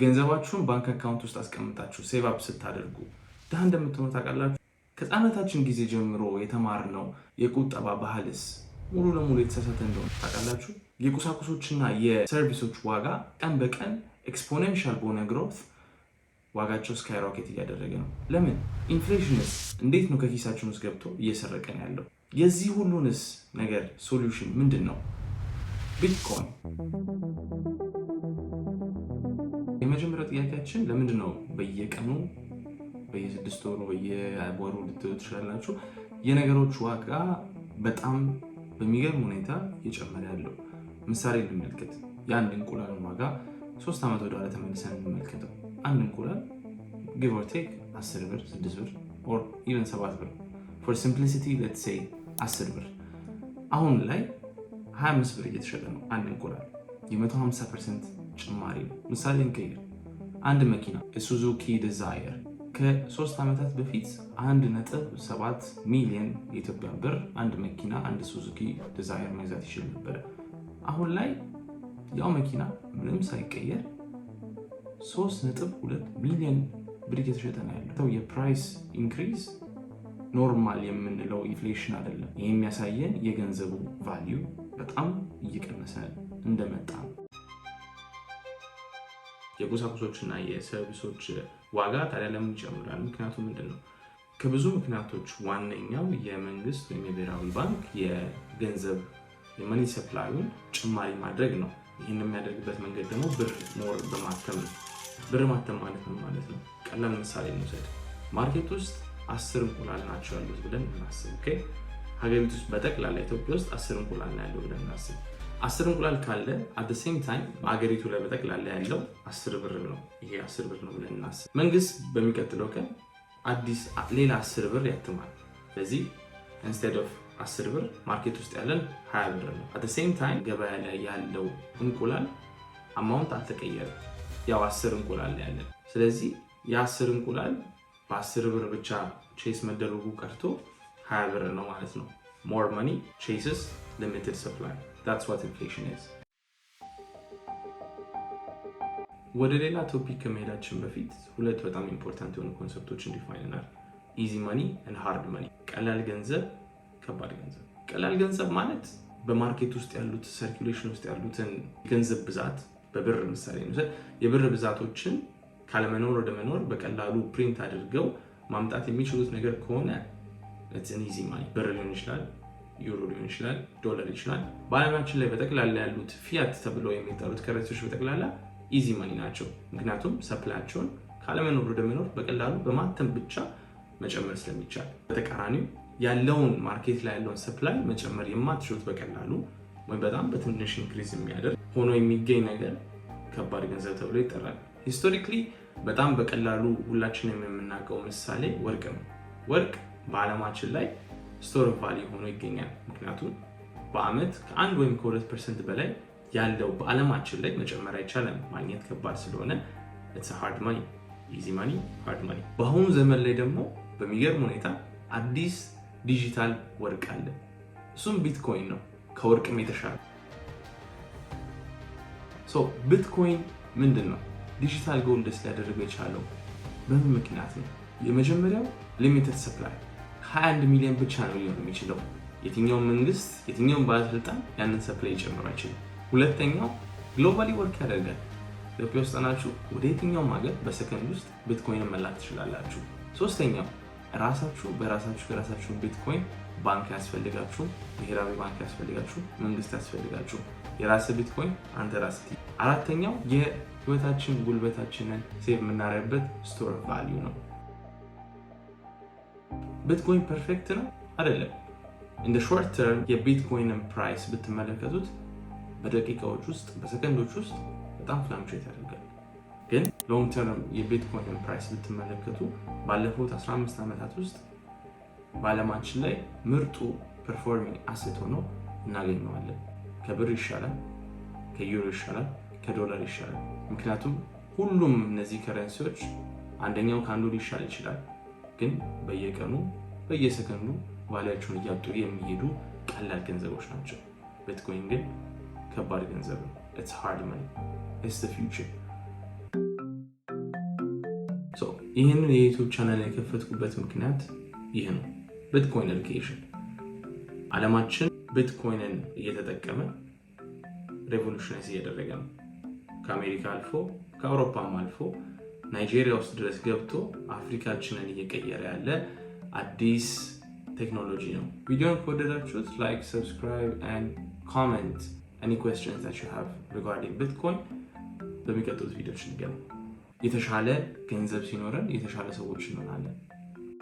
ገንዘባችሁን ባንክ አካውንት ውስጥ አስቀምጣችሁ ሴቭ አፕ ስታደርጉ ድሃ እንደምትሆኑ ታውቃላችሁ። ከህፃነታችን ጊዜ ጀምሮ የተማርነው የቁጠባ ባህልስ ሙሉ ለሙሉ የተሳሳተ እንደሆነ ታውቃላችሁ። የቁሳቁሶችና የሰርቪሶች ዋጋ ቀን በቀን ኤክስፖኔንሻል በሆነ ግሮት ዋጋቸው ስካይሮኬት እያደረገ ነው። ለምን? ኢንፍሌሽንስ እንዴት ነው ከኪሳችን ውስጥ ገብቶ እየሰረቀን ያለው? የዚህ ሁሉንስ ነገር ሶሉሽን ምንድን ነው? ቢትኮይን የመጀመሪያው ጥያቄያችን ለምንድን ነው በየቀኑ በየስድስት ወሩ በየወሩ ልትሉ ትችላላችሁ የነገሮች ዋጋ በጣም በሚገርም ሁኔታ እየጨመረ ያለው። ምሳሌ እንመልከት። የአንድ እንቁላልን ዋጋ ሶስት ዓመት ወደ ተመልሰን እንመልከተው። አንድ እንቁላል ጊቭ አስር ብር፣ ስድስት ብር ኦር ኢቨን ሰባት ብር ፎር ሲምፕሊሲቲ ሌትስ አስር ብር አሁን ላይ 25 ብር እየተሸጠ ነው አንድ እንቁላል የ150 ፐርሰንት ጭማሪ ነው። ምሳሌ እንቀይር። አንድ መኪና ሱዙኪ ዲዛየር ከሶስት ዓመታት በፊት አንድ ነጥብ ሰባት ሚሊዮን የኢትዮጵያ ብር አንድ መኪና አንድ ሱዙኪ ዲዛየር መግዛት ይችል ነበረ። አሁን ላይ ያው መኪና ምንም ሳይቀየር ሶስት ነጥብ ሁለት ሚሊዮን ብር እየተሸጠ ነው ያለው። የፕራይስ ኢንክሪዝ ኖርማል የምንለው ኢንፍሌሽን አይደለም። ይህ የሚያሳየን የገንዘቡ ቫሊዩ በጣም እየቀነሰ እንደመጣ ነው። የቁሳቁሶችና የሰርቪሶች ዋጋ ታዲያ ለምን ይጨምራል? ምክንያቱ ምንድን ነው? ከብዙ ምክንያቶች ዋነኛው የመንግስት ወይም የብሔራዊ ባንክ የገንዘብ የመኒ ሰፕላዩን ጭማሪ ማድረግ ነው። ይህን የሚያደርግበት መንገድ ደግሞ ብር ሞር በማተም ነው። ብር ማተም ማለት ነው ማለት ነው። ቀላል ምሳሌ እንውሰድ። ማርኬት ውስጥ አስር እንቁላል ናቸው ያሉት ብለን እናስብ። ሀገሪቱ ውስጥ በጠቅላላ ኢትዮጵያ ውስጥ አስር እንቁላል ያለው ብለን እናስብ። አስር እንቁላል ካለ አት ሴም ታይም በአገሪቱ ላይ በጠቅላላ ያለው አስር ብር ነው። ይሄ አስር ብር ነው ብለን እናስብ። መንግስት በሚቀጥለው ቀን አዲስ ሌላ አስር ብር ያትማል። ስለዚህ ኢንስቴድ ኦፍ አስር ብር ማርኬት ውስጥ ያለን ሀያ ብር ነው። አት ሴም ታይም ገበያ ላይ ያለው እንቁላል አማውንት አልተቀየረም። ያው አስር እንቁላል ያለን ስለዚህ የአስር እንቁላል በአስር ብር ብቻ ቼስ መደረጉ ቀርቶ ሀያ ብር ነው ማለት ነው። ሞር መኒ ቼስስ ሊሚትድ ሰፕላይ ዳትስ ዋት ኢንፍሌሽን ኢዝ። ወደ ሌላ ቶፒክ ከመሄዳችን በፊት ሁለት በጣም ኢምፖርታንት የሆኑ ኮንሰፕቶች እንዲፋይንናል ኢዚ ማኒ እና ሃርድ ማኒ፣ ቀላል ገንዘብ፣ ከባድ ገንዘብ። ቀላል ገንዘብ ማለት በማርኬት ውስጥ ያሉት ሰርኩሌሽን ውስጥ ያሉትን የገንዘብ ብዛት በብር ምሳሌ ነው። የብር ብዛቶችን ካለመኖር ወደ መኖር በቀላሉ ፕሪንት አድርገው ማምጣት የሚችሉት ነገር ከሆነ ኢዚ ማኒ ብር ሊሆን ይችላል ዩሮ ሊሆን ይችላል፣ ዶላር ይችላል። በዓለማችን ላይ በጠቅላላ ያሉት ፊያት ተብለው የሚጠሩት ከረንሲዎች በጠቅላላ ኢዚ ማኒ ናቸው። ምክንያቱም ሰፕላቸውን ካለመኖር ወደ መኖር በቀላሉ በማተም ብቻ መጨመር ስለሚቻል፣ በተቃራኒው ያለውን ማርኬት ላይ ያለውን ሰፕላይ መጨመር የማትችሉት በቀላሉ ወይም በጣም በትንሽ ኢንክሪዝ የሚያደርግ ሆኖ የሚገኝ ነገር ከባድ ገንዘብ ተብሎ ይጠራል። ሂስቶሪክሊ በጣም በቀላሉ ሁላችንም የምናውቀው ምሳሌ ወርቅ ነው። ወርቅ በዓለማችን ላይ ስቶሪክ ቫሊ ሆኖ ይገኛል። ምክንያቱም በአመት ከአንድ ወይም ከሁለት ፐርሰንት በላይ ያለው በአለማችን ላይ መጨመር አይቻልም። ማግኘት ከባድ ስለሆነ ሃርድ ማኒ ኢዚ ማኒ ሃርድ ማኒ። በአሁኑ ዘመን ላይ ደግሞ በሚገርም ሁኔታ አዲስ ዲጂታል ወርቅ አለ። እሱም ቢትኮይን ነው። ከወርቅም የተሻለ ቢትኮይን ምንድን ነው? ዲጂታል ጎልድስ ሊያደርገው የቻለው በምን ምክንያት ነው? የመጀመሪያው ሊሚትድ ሰፕላይ 21 ሚሊዮን ብቻ ነው ሊሆን የሚችለው። የትኛው መንግስት፣ የትኛውን ባለስልጣን ያንን ሰፕላይ ሊጨምር አይችልም። ሁለተኛው ግሎባሊ ወርክ ያደርጋል። ኢትዮጵያ ውስጥ ናችሁ፣ ወደ የትኛውም ሀገር በሰከንድ ውስጥ ቢትኮይን መላክ ትችላላችሁ። ሶስተኛው ራሳችሁ በራሳችሁ የራሳችሁን ቢትኮይን ባንክ ያስፈልጋችሁ፣ ብሔራዊ ባንክ ያስፈልጋችሁ፣ መንግስት ያስፈልጋችሁ፣ የራስ ቢትኮይን አንተ ራስ። አራተኛው የህይወታችን ጉልበታችንን ሴቭ የምናደርግበት ስቶር ቫሊዩ ነው። ቢትኮይን ፐርፌክት ነው አይደለም። እንደ ሾርት ተርም የቢትኮይንን ፕራይስ ብትመለከቱት በደቂቃዎች ውስጥ በሰከንዶች ውስጥ በጣም ፍላምቼት ያደርጋል። ግን ሎንግ ተርም የቢትኮይንን ፕራይስ ብትመለከቱ ባለፉት 15 ዓመታት ውስጥ በዓለማችን ላይ ምርጡ ፐርፎርሚንግ አሴት ሆኖ እናገኘዋለን። ከብር ይሻላል፣ ከዩሮ ይሻላል፣ ከዶላር ይሻላል። ምክንያቱም ሁሉም እነዚህ ከረንሲዎች አንደኛው ከአንዱ ሊሻል ይችላል ግን በየቀኑ በየሰከንዱ ቫሊያቸውን እያጡ የሚሄዱ ቀላል ገንዘቦች ናቸው። ቢትኮይን ግን ከባድ ገንዘብ ነው። ኢትስ ሃርድ መኒ ኢትስ ፊውቸር። ይህንን የዩቱብ ቻናል የከፈትኩበት ምክንያት ይህ ነው፣ ቢትኮይን ኤዱኬሽን። ዓለማችን ቢትኮይንን እየተጠቀመ ሬቮሉሽናይዝ እያደረገ ነው። ከአሜሪካ አልፎ ከአውሮፓም አልፎ ናይጄሪያ ውስጥ ድረስ ገብቶ አፍሪካችንን እየቀየረ ያለ አዲስ ቴክኖሎጂ ነው። ቪዲዮን ከወደዳችሁት ላይክ፣ ሰብስክራይብ ኤንድ ኮመንት ኤኒ ኩዌስችንስ ዛት ዩ ሃቭ ሪጋርዲንግ ቢትኮይን። በሚቀጥሉት ቪዲዮዎች እንገናኝ። የተሻለ ገንዘብ ሲኖረን የተሻለ ሰዎች እንሆናለን።